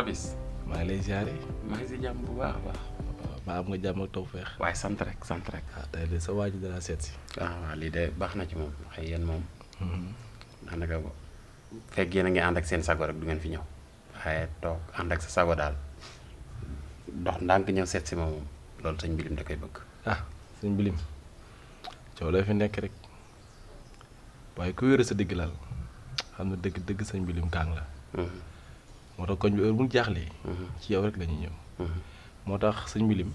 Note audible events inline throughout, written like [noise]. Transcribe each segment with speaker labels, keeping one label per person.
Speaker 1: Papis. maa ngi lay ziare. maa ngi si jàmm bu baax a baax. ba am nga jàmm ak tawfeex. waaye sant rek sant rek. ah tey de sa waa ji dana seet si. ah waaw lii de baax na
Speaker 2: ci moom xëy yéen moom. daanaka hmm. nah, fekk yéen a ngi ànd ak seen sago rek du ngeen fi ñëw. waaye toog ànd ak sa sago daal dox ndànk ñëw seet si moom
Speaker 1: loolu sëñ bilim da koy bëgg. ah sëñ bilim coow la fi nekk rek waaye ku wéeru sa digg laal xam ne dëgg dëgg bilim kang la. Hmm. moo tax koñ bi heure bu ñu jaaxlee. ci yow rek la ñuy ñëw. moo tax sëñ Bilim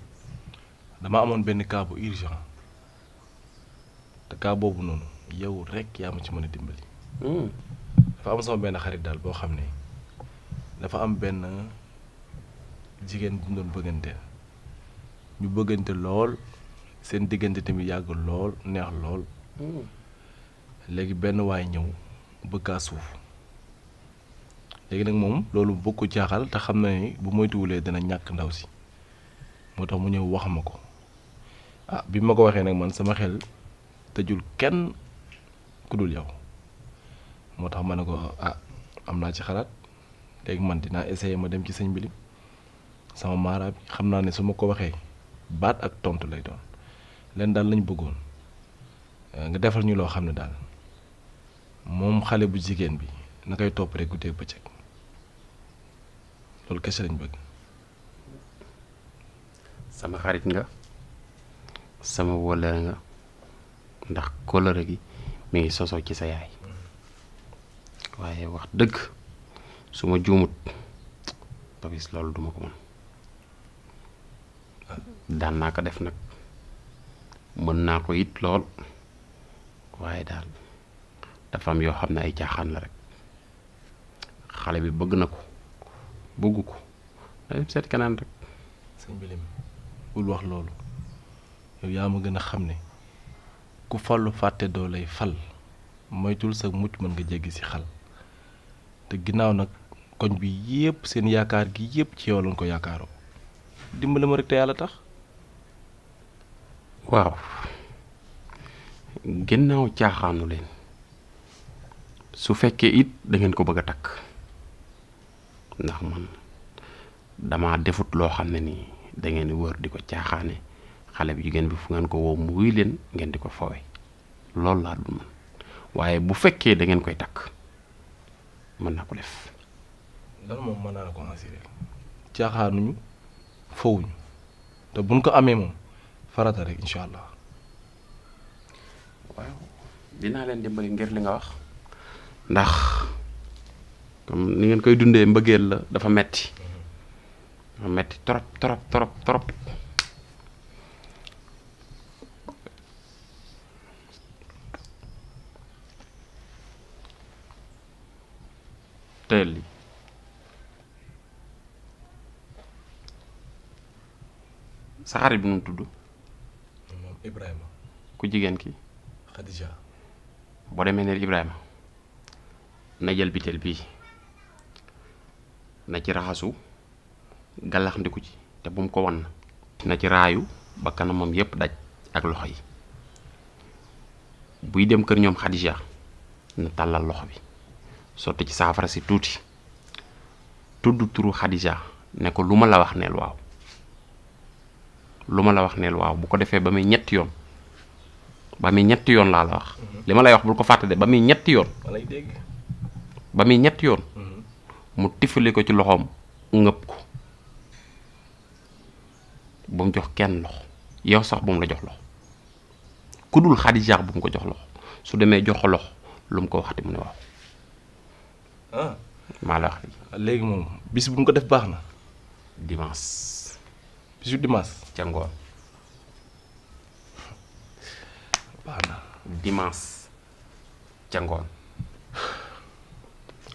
Speaker 1: dama amoon benn kaabu bu urgent te cas boobu noonu yow rek yaa am ci mën a dimbali. Hmm. dafa am sama benn xarit daal boo xam ne dafa am benn jigéen bu bëggante ñu bëggante lool seen diggante tamit yàgg lool neex lool. Hmm. léegi benn waay ñëw bëgg a suuf. léegi nag moom loolu bokku jaaxal te xam na ni bu moytuwulee dana ñàkk ndaw si moo tax mu ñëw wax ma ko ah bi ma ko waxee man sama xel tëjul kenn ku dul yow moo tax ma ne ko ah am naa ci xalaat léegi man dinaa essayer ma dem ci sëñ bi sama maara bi xam naa ne su ma ko waxee baat ak tontu lay doon leen dal. lañ bëggoon eh, nga defal ñu loo xam ne daal moom xale bu jigéen bi na koy topp rek guddee bëccëg loolu kese lañ bëgg. sama
Speaker 2: xarit nga sama wóllare nga ndax kóllare gi mu ngi sosoo ci sa yaay waaye wax dëgg su ma juumut Papis loolu duma ko mën daan naa ko def nag mën naa ko it lool waaye daal dafa am yoo xam ne ay caaxaan la rekk xale bi bëgg na ko. bëggu ko da dem seet keneen rek.
Speaker 1: sëñ bi bul wax loolu yow yaa ma gën a xam ne ku fallu fàtte doo lay fal moytul sa mucc mën nga jéggi ci xal te ginnaaw nag koñ bi yépp seen yaakaar gi yépp ci yow lañ ko yaakaaroo dimbali ma rek te yàlla tax.
Speaker 2: waaw ginnaaw caaxaanu leen su fekkee it da ngeen ko bëgg a takk. ndax man dama defut loo xam ne nii da ngeen di wër di ko caaxaane xale bi jigéen bi fu ngeen ko woo mu leen ngeen di ko foowe loolu laa dul man waaye bu fekkee da ngeen koy takk mën naa ko def.
Speaker 1: loolu moom mën naa la ko assuré fowuñu te buñ ko amee moom farata rek incha allah. waaw
Speaker 2: dinaa leen dimbali ngir li nga wax
Speaker 1: ndax. comme ni ngeen koy dundee
Speaker 2: mbëggeel la dafa metti dafa metti trop trop trop trop teel li sa xarit bi nu tudd
Speaker 1: moom Ibrahima ku jigéen ki Khadija
Speaker 2: boo demee neel Ibrahima na jël bitel bii na ci raxasu gàllaxndiku ci te bu mu ko wan na ci raayu ba kanamam yépp daj ak loxo yi buy dem kër ñoom Xadija na tàllal loxo bi sotti ci saafara si tuuti tudd turu Xadija ne ko lu ma la wax neel waaw lu ma la wax neel waaw bu ko defee ba muy ñetti yoon ba muy ñetti yoon laa la wax mhm. li lay wax bul ko fàtte ba muy ñetti yoon ba muy ñetti yoon mhm. mu tifali ko ci loxoom ngëpp ko bu mu jox kenn loxo yow sax bu mu la jox loxo ku dul xadijaax bu mu ko jox loxo su demee jox ko loxo lu mu ko waxti mu ne waaw ah. maa la wax
Speaker 1: léegi moom bis bu mu ko def baax na dimanche bisu dimanche ca ngoon baax na dimanche ca ngoon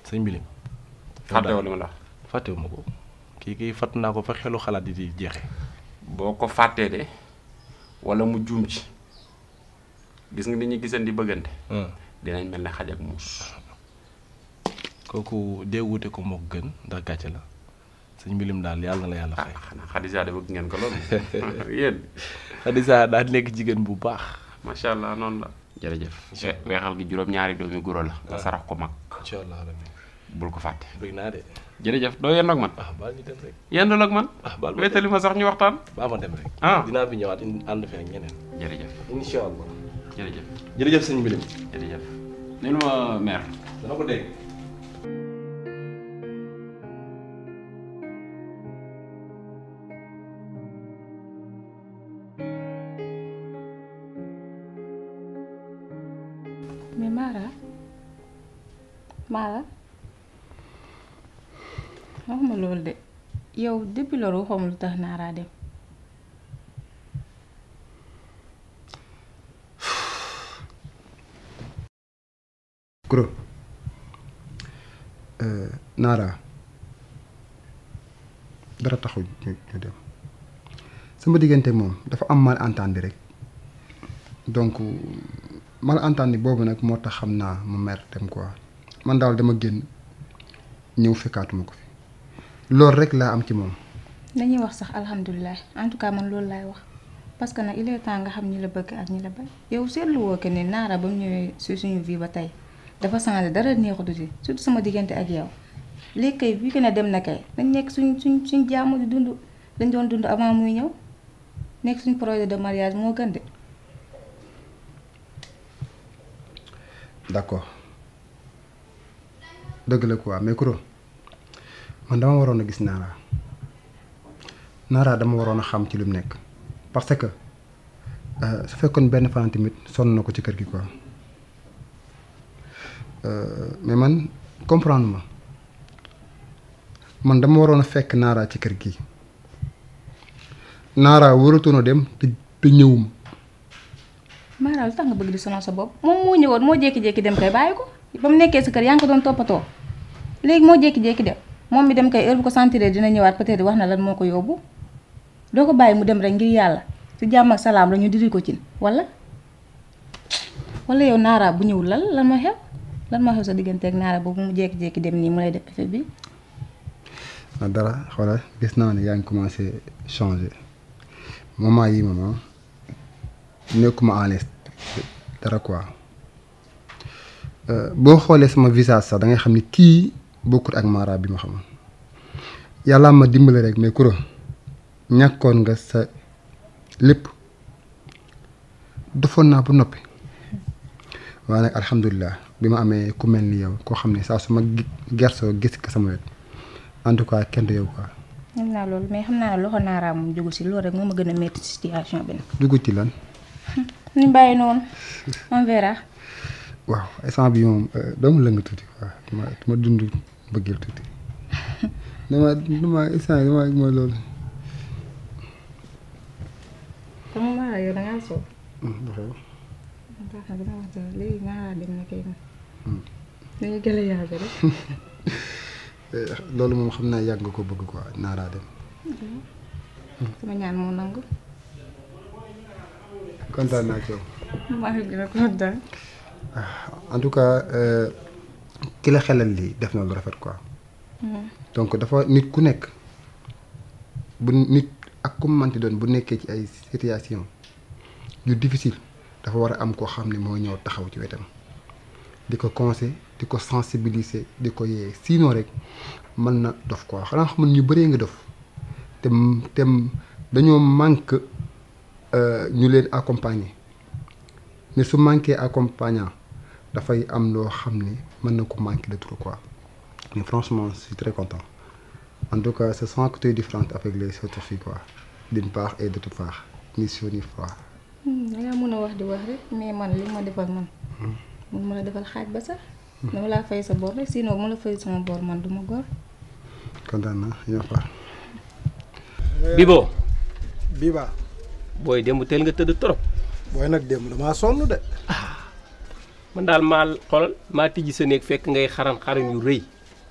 Speaker 1: sëñ bi fàtte wala nga la fàtte ma ko kii kii fàtt naa ko fa xelu xalaat di jeexe boo ko fàttee de wala mu juum ci gis nga ni ñuy giseen di bëggante hmm. dinañ mel ne xaj ak muus kooku dee wuute ko moo gën ndax gàcce la sëñ mbilim daal yàlla na la yàlla fay ah, xadisa de bëgg ngeen ko loolu [laughs] yéen xadisa daa nekk jigéen bu baax macha allah noonu la jërëjëf
Speaker 2: weexal gi juróom-ñaari doomi guro la nga sarax ko mag incha allah bul ko fàtte
Speaker 1: bëgg naa de jërëjëf doo ak man ah bal ñu dem rek yendool ak man ah ba wéetali ma sax ñu waxtaan baa ma dem rek ah dinaa fi ñëwaat ànd fi ak ñeneen jërëjëf incha allah jërëjëf jërëjëf sëñ mbilim jërëjëf nil ma maire dama ko dégg
Speaker 3: Mara
Speaker 4: Mara wax ma loolu de yow depuis loolu waxoo ma lu tax naaraa dem.
Speaker 5: Euh, Naara dara taxul ñu sama diggante moom dafa am malentendu rek donc malentendu boobu nag moo tax xam naa mu mer dem quoi man daal dama génn ñëw fekkaatuma ko fi. loolu rek laa am ci moom.
Speaker 4: nañuy wax sax alhamdulilah en tout cas man loolu laay wax parce que nag il est temps nga xam ñi la bëgg ak ñi la bañ yow seetlu woo que ne naara ba mu ñëwee suñu vie ba tey dafa changé dara neexutu si surtout sama diggante ak yow léegi kay bi que ne dem na dañ nekk suñ suñ suñ jaamu di dund dañ doon dund avant muy ñëw nekk suñ projet de mariage moo gën de.
Speaker 5: d'accord dëgg la ko mais Kouro. man dama warona gis Nara Nara dama warona xam ci lim nek parce que euh, su fekkoon ben fan tamit son nako ci kër gi quoi euh, mais man comprendre ma man dama warona fekk Nara ci kër gi Nara waratoon a dem te te ñëwum.
Speaker 4: Mara lu tax nga bëgg di sonal sa bop mo ñëwoon mo jéki jéki dem kay bayiko ko nekké sa kër yaa ngi ko doon topato léegi mo jékki dem. moom mi dem kay heure ko sentiré dina ñëwaat peut wax na lan moo ko yóbbu doo ko bàyyi mu dem rek ngir yàlla si jàmm ak salaam la ñu diri ko cin wala wala yow naara bu ñëw lan lan ma xew lan moo xew sa digganteeg naara boobu mu jékki-jékki dem nii mu lay def effet bi.
Speaker 5: na ah, dara xoolal gis naa ne yaa ngi commencé changer moment yi moom ah, nekkuma en l'aise dara quoi euh, boo xoolee sama visage sax da nga xam ni kii. bukur ak mara bi ma xam yàlla ma dimbale rek mais kuro ñakkon nga sa lepp dofon na bu noppi wa nak alhamdulilah bima amé ku melni yow ko xamné sa saa gerso gis ka sama wet en tout cas kenn du yow quoi.
Speaker 4: xam naa mais xamna rek moma gëna metti situation bi. ci lan. [laughs] ni baye non on verra.
Speaker 5: waaw instant bi moom euh, dama lëng tuuti waaw ma ma dund tuuti [laughs] dama dama instant dama mooy loolu.
Speaker 4: sama hmm, hmm.
Speaker 5: [laughs] eh, loolu moom xam naa yàgg nga ko bëgg quoi naaraa dem.
Speaker 4: sama ñaan moo nangu.
Speaker 5: kontaan naa ci yow.
Speaker 4: [laughs] maa gën a kontaan.
Speaker 5: en tout cas euh, ki la xelal lii def na lu rafet quoi. Mm-hmm. donc dafa nit ku nekk bu nit ak ku manti doon bu nekkee ci ay situation yu difficile dafa war a am koo xam ni mooy ñëw taxaw ci wetam di ko conseil di ko sensibiliser di ko yee sinon rek mën na dof koi xanaa xam ñu bëree nga dof te te dañoo manque euh, ñu leen accompagner mais su manqué accompagnant. dafay am de trop quoi mais franchement je suis très content en tout cas sont un côté différent avec les autres filles quoi d'une part et d'autre part sur ni fois.
Speaker 4: Hmm, da ngaa mën a wax di wax rek mais man li ma defal man. Hmm. mun je la defal xaaj ba sax. Hmm. dama fay sa bor sinon la fay bor man
Speaker 6: euh, Bibo. Biba.
Speaker 7: booy nga trop.
Speaker 6: booy nag de. Ah.
Speaker 7: man daal maa xoolal maa tijji sa néeg fekk ngay xaran xaran yu rëy.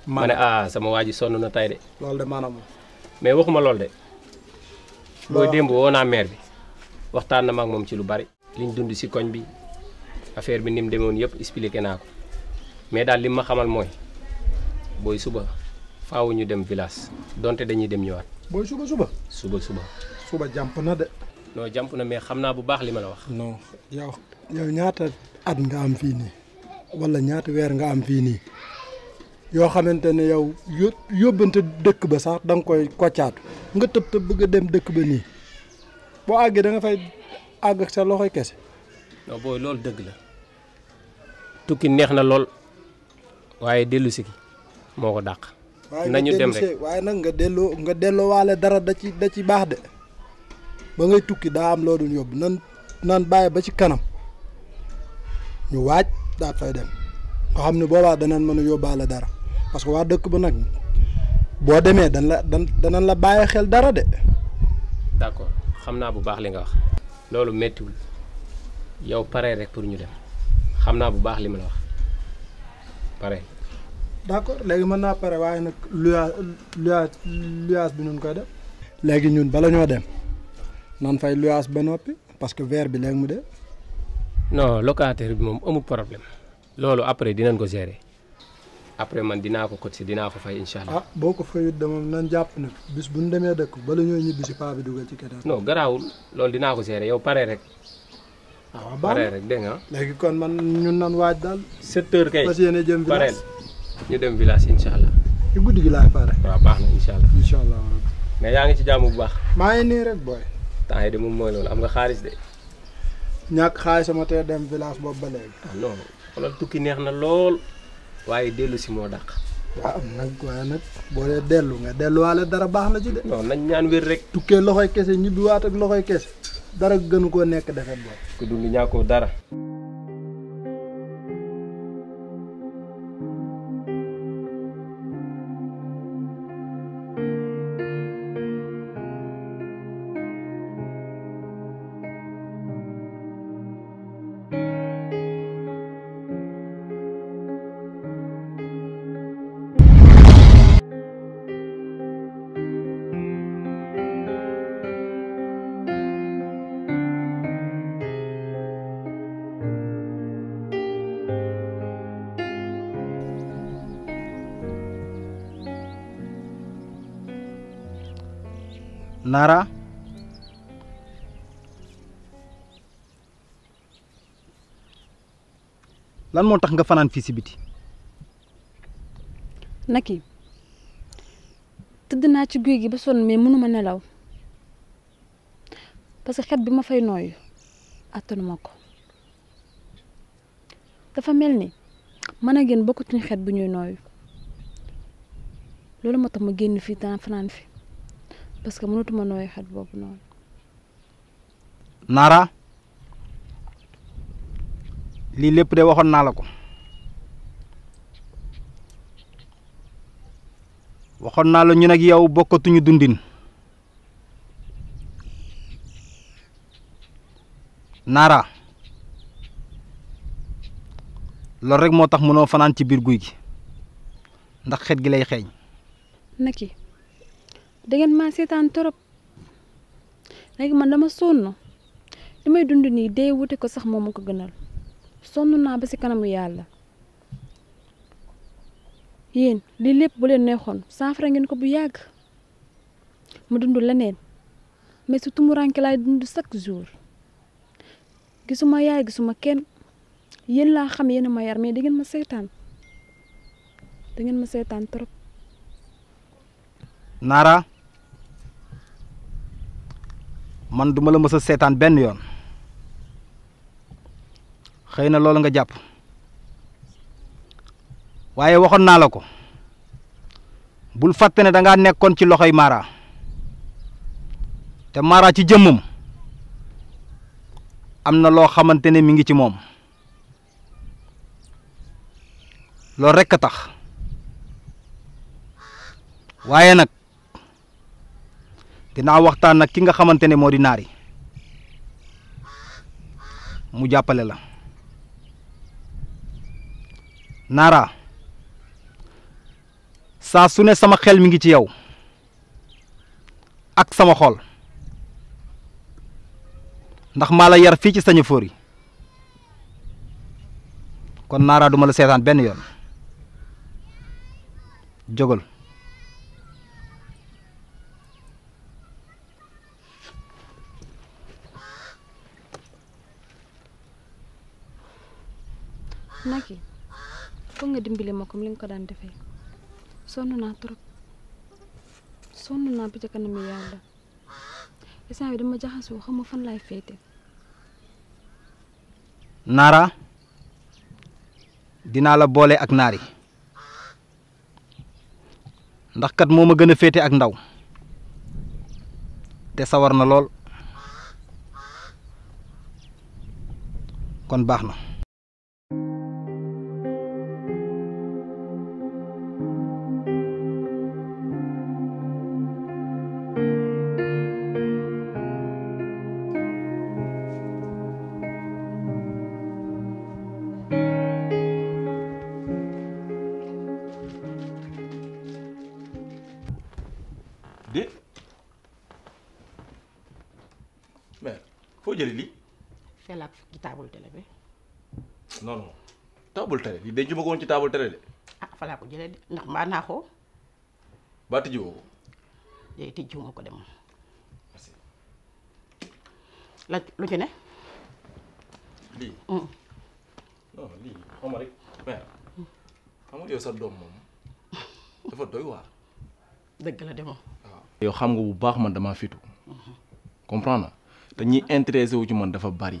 Speaker 7: ma ne ah sama waa ji sonn na tay de. loolu mais waxuma loolu de. booy démb woo naa bi waxtaan na maak moom ci lu bari. liñ dund si koñ bi affaire bi ni mu demoon yëpp expliqué naa ko mais daal li ma xamal mooy booy suba faawu ñu dem village donte dañuy dem ñëwaat. booy suba suba. suba suba.
Speaker 6: suba jàmp na de.
Speaker 7: non jàmp na mais xam naa bu baax li ma la wax. non
Speaker 6: at nga am fi ni wala ñaata weer nga am fi ni yo xamantene yow yobante dekk ba sax dang koy koccaatu nga tepp te bëgg a dem dekk ba ni bo agge da nga fay ag ak sa loxoy kese.
Speaker 7: no boy lol dëgg la tukki neex na lool waaye dellu si moo nañu dem rek
Speaker 6: waye nak nga delo nga delo wala dara da ci da ci bax de ba ngay tukki da am lo doon yob nan nan baye ba ci kanam. ñu waaj daat fay dem nga xam ne boobaa danañ mën a yóbbaale dara parce que waa dëkk ba nag boo demee dan la dan danañ la bàyyi xel dara de.
Speaker 7: d'accord xam naa bu baax li nga wax. loolu méttiwul yow pare rek pour ñu dem xam naa bu baax li ma la wax pare.
Speaker 6: d'accord léegi mën naa pare waaye nag luya luya luyaas bi ñun koy def. léegi ñun bala ñoo dem nan fay luyaas ba noppi parce que verre bi léegi mu de
Speaker 7: non locataire bi moom amul problème loolu après dinañ ko seere après man dinaa ko cotiser dinaa ko fay incha allah. Ah,
Speaker 6: boo ko fayut de moom nan jàpp na bis bu ñu demee dëkk ba ñooy ñibbi si paa bi dugal ci keneen. non
Speaker 7: garaawul loolu dinaa ko seere yow pare rek. Ah, waaw pare rek dégg nga
Speaker 6: léegi kon man ñun nan waaj
Speaker 7: daal. 7 heures kay yéene jëm village ñu dem village incha allah.
Speaker 6: ci guddi gi laay pare.
Speaker 7: waaw baax na incha allah. incha allah mais yaa ngi ci jàmm bu baax. maa ngi nii rek booy. temps de moom mooy loolu am nga xaalis de.
Speaker 6: ñàkk xaay sama tee dem village boobu ba léegi.
Speaker 7: Ah, non xoolal tukki neex na lool waaye dellu si moo dàq.
Speaker 6: waaw ah, am nag waaye nag boo dee dellu nga delluwaale dara baax na ci de. non
Speaker 7: nañ ñaan wér rek.
Speaker 6: tukkee loxoy kese ñibbiwaat ak loxoy kese dara gënu koo nekk defee boobu.
Speaker 7: ku dund ñàkkoo dara.
Speaker 8: Lara lan moo tax nga fanaan fii si biti
Speaker 9: Naki tëdd naa ci guy gi ba sonn mais mënuma nelaw parce que xet bi ma fay nooyu attanuma ko dafa mel ni man a génn bokkutuñu xet bu ñuy nooyu loolu ma tax ma génn fii daan fanaan fii parce que mënatuma nooy xet boobu noonu.
Speaker 8: Nara lii lépp de waxoon naa la ko waxoon naa la ñu ak yow bokkatuñu dundin naara loolu rek moo tax mënoo fanaan ci biir guy gi ndax xet gi lay xeeñ.
Speaker 9: dangeen maa seetaan trop léegi ma soon sonn li may dund nii dee wute ko sax moom ma ko gënal sonn naa ba ci kanamu yàlla yéen lii lépp bu leen neexoon saafara ngeen ko bu yàgg ma dund leneen mais su tumuraanke laay dund chaque jour gisuma yaay gisuma kenn yéen laa xam yéen a ma yar mais dangeen ma seetaan dangeen ma seetaan trop.
Speaker 8: Nara. man duma la mës a seetaan benn yoon xëy na loolu nga jàpp waaye waxoon naa la ko bul fàtte ne danga nekkoon ci loxoy Mara te Mara ci jëmmam am na loo xamante ne mi ngi ci moom loolu rekk a tax waaye nag. dina waxtaan nak ki nga xamantene modi nari mu jappale la nara sa suné sama xel mi ngi ci yow ak sama xol ndax mala yar fi ci sañu foori kon nara duma la sétane ben yoon jógal
Speaker 9: Naki ko nga dimbile ma comme li nga ko daan defee sonn naa trop sonn naa ya bi ca kanam yàlla instant bi dama xamu fan laay ya, féete
Speaker 8: nara dinaa la boole ak naar yi ndax kat moo ma gën a féete ak ndaw te sawar na lool kon baax na
Speaker 1: tijji ma ko woon ci table télé de.
Speaker 3: ah fa laa ko jëlee ndax mbaa na ko. ba tijji woo ko. léegi tijji ko dem merci. la lu ci ne. lii. Mm.
Speaker 1: non li xam rek mais xam nga yow sa dom mom dafa doy waar. dëgg la ah. yow xam nga bu baax man fitu mm-hmm. comprendre te ñi intéressé wu ci man dafa bari.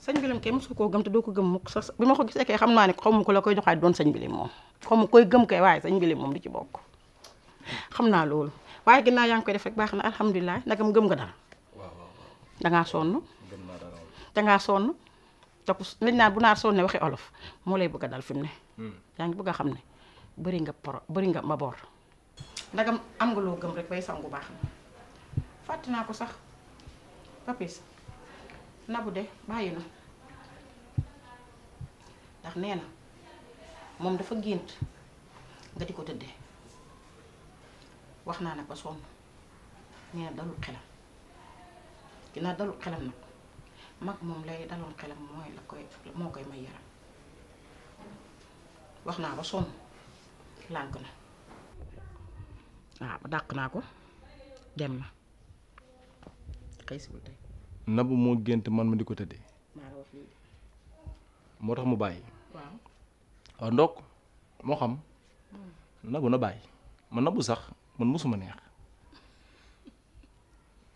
Speaker 3: sañ bilim kay mosu koo gëm te doo ko gëm mukk sax bi ma ko gisee kay xam naa ne xaw ko la koy joxaat doon sañ bilim moom xaw ma koy gëm kay waaye sañ bilim moom du ci bokk xam naa loolu waaye ginnaaw yaa ngi koy def rek baax na alhamdulilah nagam gëm nga dara dangaa sonn dangaa sonn te ku liñ naan bu naar sonne waxi olof moo lay bëgg a dal fi mu ne hmm. yaa ngi bëgg a xam ne bëri nga poro ma boor ndagam am nga loo gëm rek bay sangu baax na fàtte naa ko sax nabu de bàyyi na ndax nee moom dafa gént nga di ko tëddee wax naa ne ba sonn nee na dalul xelam ginnaaw dalul xelam nag mag moom lay daloon xelam mooy la koy moo koy may yaram wax naa ba sonn lànk na waaw ah, dàq naa ko dem na xëy
Speaker 1: nabu mu gént man ma di ko tëddee moo tax mu bàyyi waaw ndox moo xam hmm. nabu na bàyyi man nabu sax man mosuma neex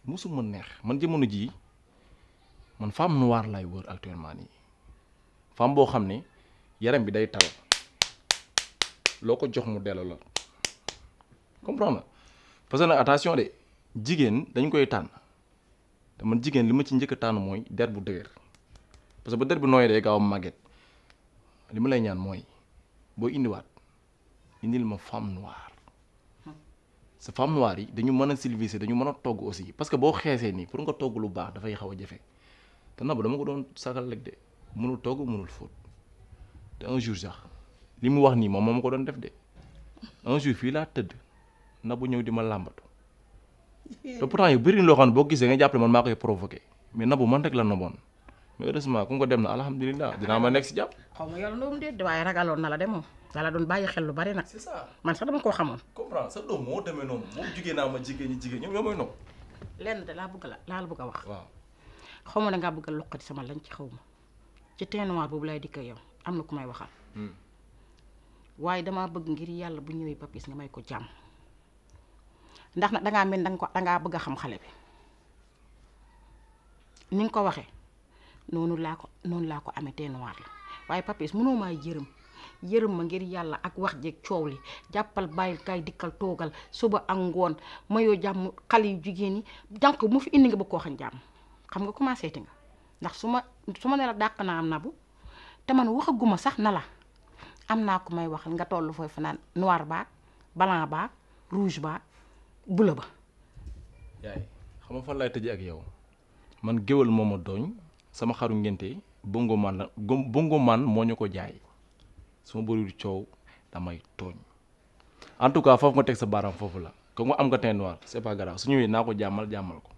Speaker 1: mosuma neex man jamono jii man femme waar laay wër actuellement nii femme boo xam ne yaram bi day taw loo ko jox mu delloo la comprendre parce que nag attention de jigéen dañ koy tànn. te man jigéen li ci njëkk a tànn mooy der bu dëgër parce que ba der bu nooyee day gaaw maget màgget li ma lay ñaan mooy boo indiwaat indil ma femme noire sa femme noire yi dañu mën a dañu mën a togg aussi parce que boo xeesee nii pour nga togg lu baax dafay xaw a jafe te nabu dama ko doon sagal rek de mënul togg mënul fóot te un jour sax li mu wax nii moom moo ma ko doon def de un jour fii laa tëdd nabu ñëw di ma làmbatu [laughs] te pourtant yu bëri loo xam ne boo gisee nga jàppale man maa koy provoqué mais nabu man rek la naboon mais heureusement ku ko dem na alhamdulilah dinaa ma nekk si jàpp.
Speaker 3: xaw ma yoroon doom déet na la de moom doon bàyyi xel lu bari nag. c'est ça man sax koo xamoon.
Speaker 1: comprendre sa doom moo demee noonu moom jigéen naa ma jigéen ñi jigéen ñoom ñoo may
Speaker 3: lenn de laa bëgg la laa la bëgg a wax. waaw xaw ma dangaa bëgg a loqati sama lañ ci xaw ma ci teint noir boobu laay dikk yow am na ku may waxal. Hmm. waaye damaa bëgg ngir yàlla bu ñëwee papis nga may ko jàmm ndax da nga mel dang ko nga bëgg xam xalé bi ni nga ko waxé nonu la ko non la ko amé té noir la waye papis mëno ma yërem yërem ma ngir yalla ak wax jek ciowli jappal bayil kay dikkal togal suba ak ngone mayo jàmm xali yu jigéen mu fi indi nga bëgg koo xam xam nga commencé ti nga ndax suma suma né la dak na am na bu te man waxaguma sax nala amna am ko may waxal nga tollu fofu nan noir ba blanc ba rouge ba bula ba. yaay
Speaker 1: xam nga fan laay tëjee ak yow man géwal moo ma dooñ sama xaru ngénte bongo man la bongo man moo ñu ko jaay su ma bëriwul coow damay tooñ en tout cas foofu nga teg sa baaraam foofu la ko nga am nga teint noir c'est pas grave su ñëwee naa ko jàmmal jàmmal ko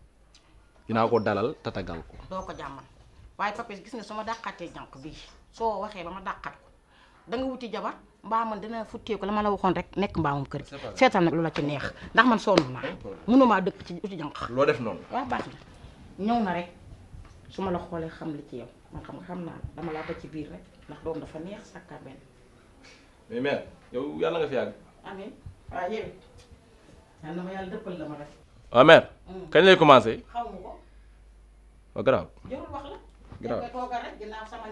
Speaker 1: dinaa ko dalal tatagal ko.
Speaker 3: doo ko jàmmal waaye Papis gis nga su ma dàqaatee jànq bii soo waxee ba ma dàqaat ko da wuti jabar mbaa man dina futteeku la ma la waxoon rek nekk mbaamam kër gi seetal nag la ci neex ndax man sonn naa mënumaa dëkk ci uti jànq loo def noonu waaw baax na ñëw na rek su ma la xoolee xam li ci yow man xam nga xam naa dama laa ci biir rek ndax doom dafa neex sàkkaar yàlla na yàlla dëppal la ma rek
Speaker 1: waaw ah, mère hmm. lay commencé xaw ma ko waaw ah, garaaw jarul
Speaker 3: wax la garaaw toogal rek ginnaaw sama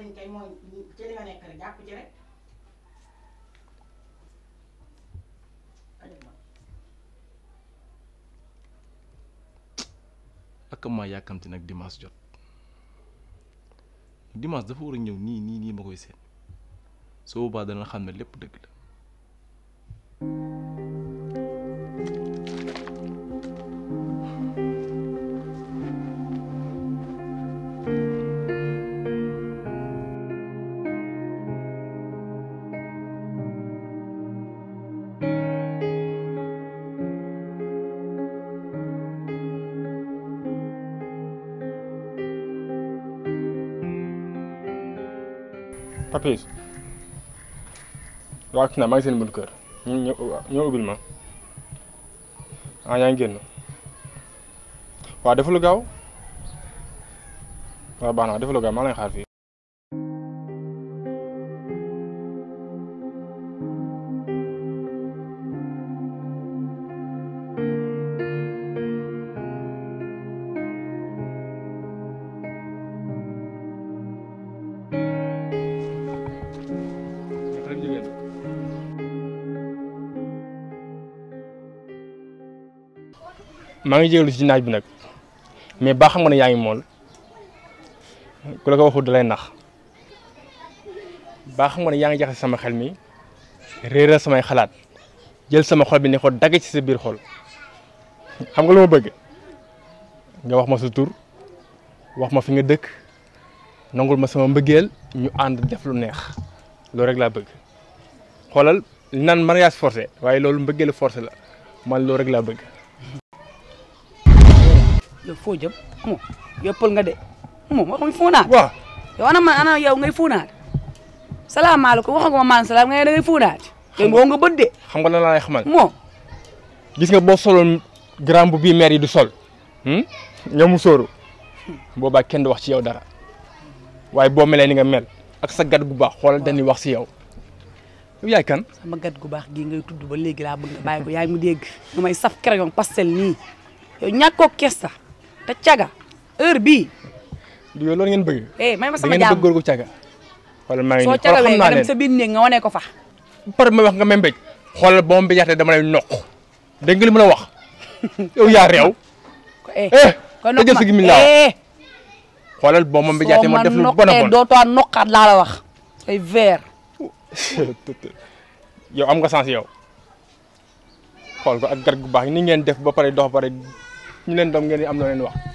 Speaker 1: ak maa yàkkamti nag dimanche jot dimanche dafa war a ñëw nii nii nii ma koy seen soo boobaa dana xam ne lépp dëgg la.
Speaker 10: Papis waaw kii naa maa ngi seen bunt kër ñu ñoo ubbil ma ah yaa ngi génn waaw defalu gaaw waaw baax na defalu gaaw maa ngi xaar fii. maa ngi jégalu ci naaj bi nag mais baa xam nga ne yaa ngi mool ku la ko waxul dalay nax baa xam nga ne yaa ngi jaxase sama xel mi réeral samay xalaat jël sama xol bi ne ko dagg ci sa biir xol xam nga lu ma bëgg nga wax ma sa tur wax ma fi nga dëkk nangul ma sama mbëggeel ñu ànd def lu neex loolu rek laa bëgg xoolal nan naan mariage waaye loolu mbëggeelu forcé la man loolu rek laa bëgg
Speaker 4: yow fo jëm mo yoppal nga de mo waxuma fuunaat wa yow ana man ana yow ngay alaykum salaamaaleykum waxaguma man salam ngay da ngay fuunaat te mo nga bët de
Speaker 10: xam nga la lay xamal mo gis nga bo solo grand bu bii maire yi du sol hmm, mu sóoru boobaa kenn du wax ci yow dara waye bo melé ni nga mel ak sa gad gu baax dañ ni wax ci yow yow yaay kan
Speaker 3: sama gad gu baax gi ngay tuddu ba légui la bëgg nga bàyyi yaay mu dégg nga saf crayon pastel ni, yow ñako kessa te caga heure bii du yow loolu ngeen bëgg eh may ma sama jaam ngeen bëgg ko
Speaker 10: caga wala ma ngi soo cagawee nga dem sa
Speaker 3: biir néeg nga wane ko fa
Speaker 10: par ma wax nga may mbéj xoolal boo mbéj dama lay noq dégg nga li wax yow yaa réew
Speaker 3: eh kon eh, jël sa gimmi laaw eh
Speaker 10: xoolal boo ma mbéj yaxte def lu bon bon doo
Speaker 3: toa noqaat laa la wax ay ver
Speaker 10: [laughs] yow am nga sens yow xool ko ak gar gu baax ni ngeen def ba pare dox pare ñu leen doom ngeen di am loo leen